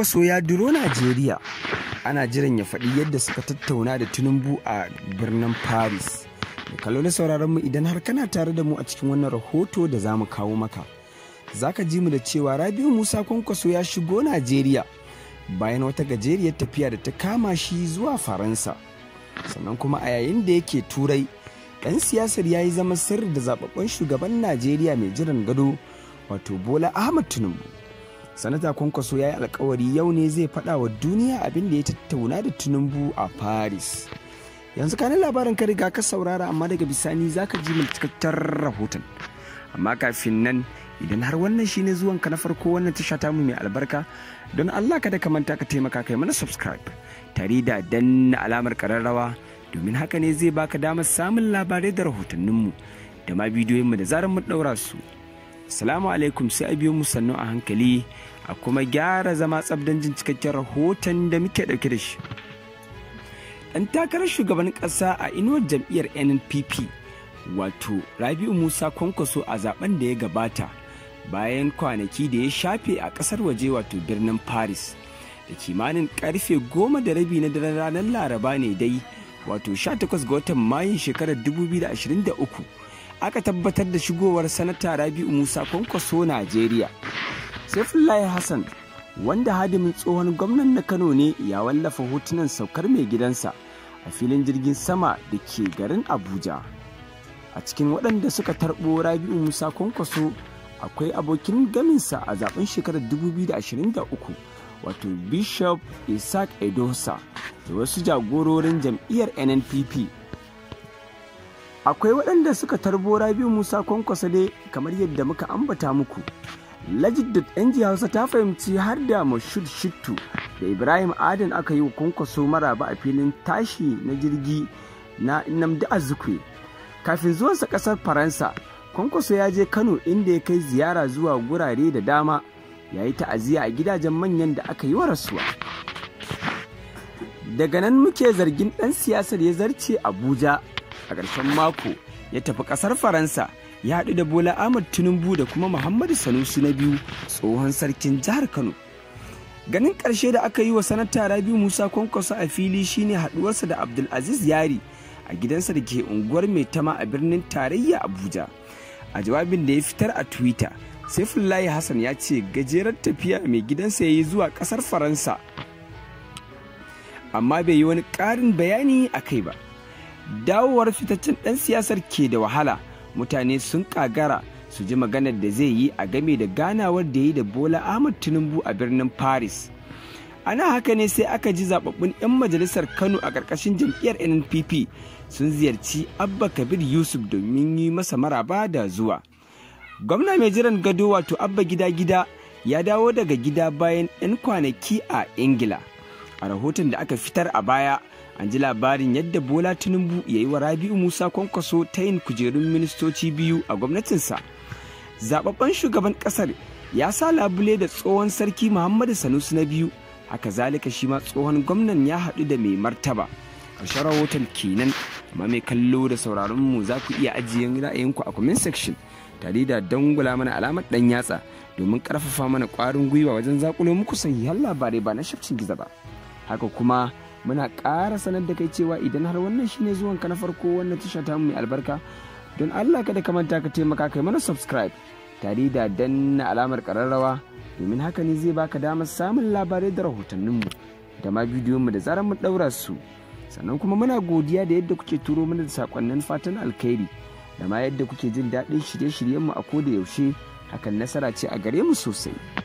kwaso ya duro Najeriya. Ana jiran ya faɗi yadda suka tattauna da Tinubu a birnin Paris. na sauraron mu idan har kana tare da mu a cikin wannan rahoto da za mu kawo maka. zaka ji mu da cewa Rabiu Musa Kwankwaso ya shigo Najeriya bayan wata gajeriyar tafiya da ta kama shi zuwa Faransa. Sannan kuma a yayin da yake Turai, ɗan siyasar ya yi zama sirri da zaɓaɓɓen shugaban Najeriya mai jiran gado, wato Bola Ahmad Tinubu. sanata kwankwaso ya yi alkawari yau ne zai faɗa wa duniya abin da ya tattauna da tinubu a paris yanzu kanin labarin ka riga ka saurara amma daga bisani za ka ji cikakken rahoton amma kafin nan idan har wannan shine zuwanka na farko wannan tasha ta mu mai albarka don allah kada ka manta ka taimaka kai mana subscribe tare da danna alamar kararrawa domin haka ne zai baka damar samun labarai da rahotanninmu da ma bidiyoyinmu da zarar mu ɗaura su Salamu alaikum sai a biyo musannu a hankali a kuma gyara zama tsabdan jin cikakken rahoton da muke ɗauke da shi. Ɗan takarar shugaban ƙasa a inuwar jam'iyyar NNPP wato Rabi'u Musa Kwankwaso a zaben da ya gabata bayan kwanaki da ya shafe a ƙasar waje wato birnin Paris da kimanin karfe goma da rabi na ranar Laraba ne dai wato 18 ga watan Mayun shekarar 2023. aka tabbatar da shigowar sanata rabi'u musa kwankwaso najeriya saifullahi hassan wanda hadimin tsohon gwamnan na kano ne ya wallafa hotunan saukar mai gidansa a filin jirgin sama da ke garin abuja a cikin waɗanda suka tarbo rabi'u musa kwankwaso akwai abokin gaminsa a zaben shekarar 2023 wato bishop isaac edosa da wasu jagororin jam'iyyar nnpp akwai waɗanda suka tarbo rabi musa kwankwasa dai kamar yadda muka ambata muku lajid da hausa ta fahimci har da mashud shittu da ibrahim adan aka yi wa mara ba a filin tashi na jirgi na namdi azukwe kafin zuwansa ƙasar faransa kwankwaso ya je kano inda ya kai ziyara zuwa gurare da dama ya yi ta'aziyya a gidajen manyan da aka yi wa rasuwa daga nan muke zargin ɗan siyasar ya zarce abuja a ƙarshen mako ya tafi ƙasar faransa ya haɗu da bola ahmad tinubu da kuma muhammadu sanusi na biyu tsohon sarkin jihar kano ganin ƙarshe da aka yi wa sanata rabi musa kwankwaso a fili shine haɗuwarsa da abdulaziz yari a gidansa da ke unguwar mai tama a birnin tarayya abuja a jawabin da ya fitar a twitter saifullahi hassan ya ce gajerar tafiya mai gidansa ya yi zuwa ƙasar faransa amma bai yi wani ƙarin bayani a kai ba dawowar fitaccen ɗan siyasar ke da wahala mutane sun kagara su ji maganar da zai yi a game da ganawar da yi da bola ahmad tinubu a birnin paris ana haka ne sai aka ji zababbun 'yan majalisar kano a ƙarƙashin jam'iyyar nnpp sun ziyarci abba kabir yusuf domin yi masa maraba da zuwa gwamna mai jiran gado wato abba gida gida ya dawo daga gida bayan 'yan kwanaki a ingila a rahoton da aka fitar a baya an ji labarin yadda bola tinubu ya yi wa rabi'u musa kwankwaso ta yin kujerun ministoci biyu a gwamnatinsa zababben shugaban kasar ya sa labule da tsohon sarki muhammadu sanusi na biyu haka zalika shi ma tsohon gwamnan ya haɗu da mai martaba ƙarshen rahoton kenan amma mai kallo da sauraron mu za ku iya ajiye ra'ayinku a comment section tare da dangula mana alamar dan yatsa domin ƙarfafa mana ƙwarin gwiwa wajen zakulo muku sahihan labarai ba na shafcin giza ba haka kuma muna ƙara sanar da kai cewa idan har wannan shine zuwanka na farko wannan tasha ta mai albarka don allah kada ka manta ka taimaka kai mana subscribe tare da danna alamar ƙararrawa domin haka ne zai baka damar samun labarai da rahotannin mu da ma bidiyonmu da zarar mu ɗaura su sannan kuma muna godiya da yadda kuke turo mana da sakonnin fatan alkhairi da ma yadda kuke jin daɗin shirye shiryen mu a koda yaushe hakan nasara ce a gare mu sosai